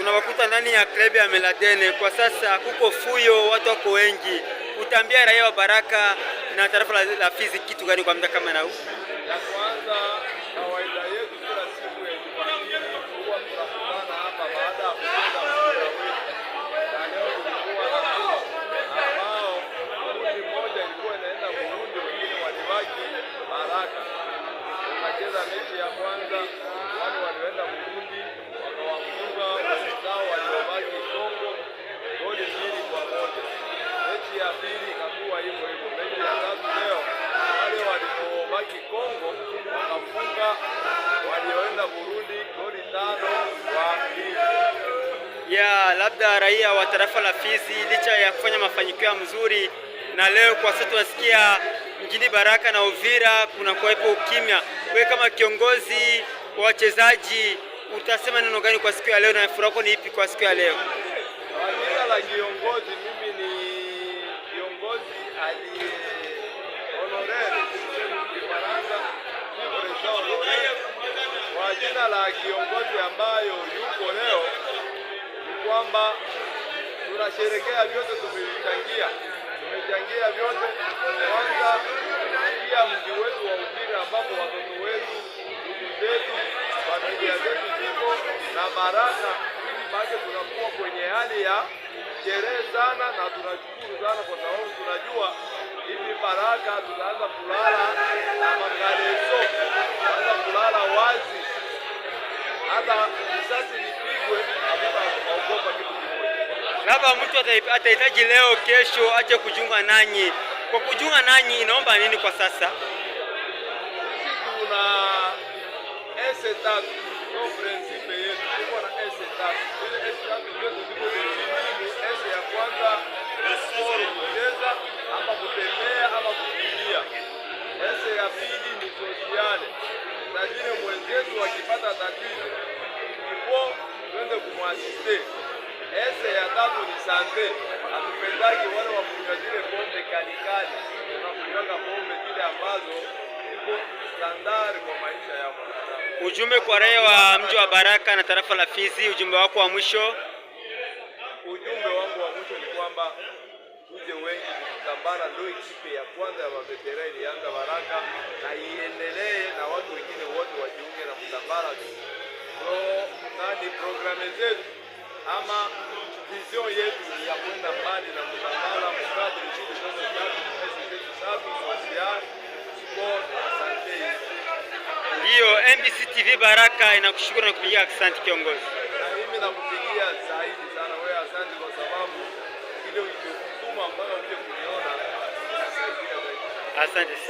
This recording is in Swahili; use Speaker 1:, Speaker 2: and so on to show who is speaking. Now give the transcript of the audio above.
Speaker 1: tunawakuta ndani ya klabu ya Meladene. Kwa sasa kuko fuyo, watu wako wengi. Utaambia raia wa Baraka na tarafa la, la Fizi kitu gani kwa muda kama na huu?
Speaker 2: Ya kwanza kawaida yetu kila siku ya huwa tunakutana hapa baada ya kuenda na leo tulikuwa na ambao kundi moja ilikuwa inaenda Burundi, wengine walibaki Baraka, tukacheza mechi ya kwanza
Speaker 1: ya labda raia wa tarafa la Fizi licha ya kufanya mafanikio ya mzuri na leo kwa sasa tunasikia mjini Baraka na Uvira kuna kuwepo ukimya. Wewe kama kiongozi wa wachezaji utasema neno gani kwa siku ya leo, na furaha yako ni ipi kwa siku ya leo?
Speaker 2: Jina la kiongozi, mimi ni kiongozi aliye honorary kwa jina la kiongozi ambayo kwamba tunasherekea vyote, tumechangia, tumechangia vyote. Kwanza ia mji wetu wa Uvira ambapo watoto wetu, ndugu zetu, familia zetu ziko na baraka ili maake, tunakuwa kwenye hali ya sherehe sana, na tunashukuru sana kwa sababu tunajua hivi baraka tutaanza kulala na mangaleso, tutaanza kulala wazi hata risasi nipigwe Labda mtu atahitaji leo kesho aje kujunga nanyi. Kwa kujunga nanyi inaomba nini kwa sasa? Sisi tuna ese tatu principe yetu tuko na ese tatu ile ese tatu ndio ni ese ya kwanza kucheza ama kutembea ama kukimbia. Ese ya pili ni lakini mwenzetu akipata tatizo ipo twende kumwasiste. Ese ya tatu ni sante, hatupendaki wale wakunywa zile pombe kalikali, tunakunywaka pombe zile ambazo ipo standard kwa maisha ya mwanadamu. Ujumbe kwa raia wa mji wa Baraka na tarafa la Fizi, ujumbe wako wa mwisho? Ujumbe wangu wa mwisho ni kwamba tuje wengi kutambana, ndio ekipe ya kwanza ya mavetera ilianza baraka na iendelee, na watu wengine wote wajiunge na kutambana so, nani programe zetu ama vision yetu ya kwenda mbali na kutambana mkadri chini zote tatu zetu safi sosial sport asante. Ndiyo, MBC TV Baraka inakushukuru na kupigia asante kiongozi, na mimi nakupigia zaidi sana wewe, asante kwa sababu kile ulicho jukumu ambayo mje kuliona. Asante sana.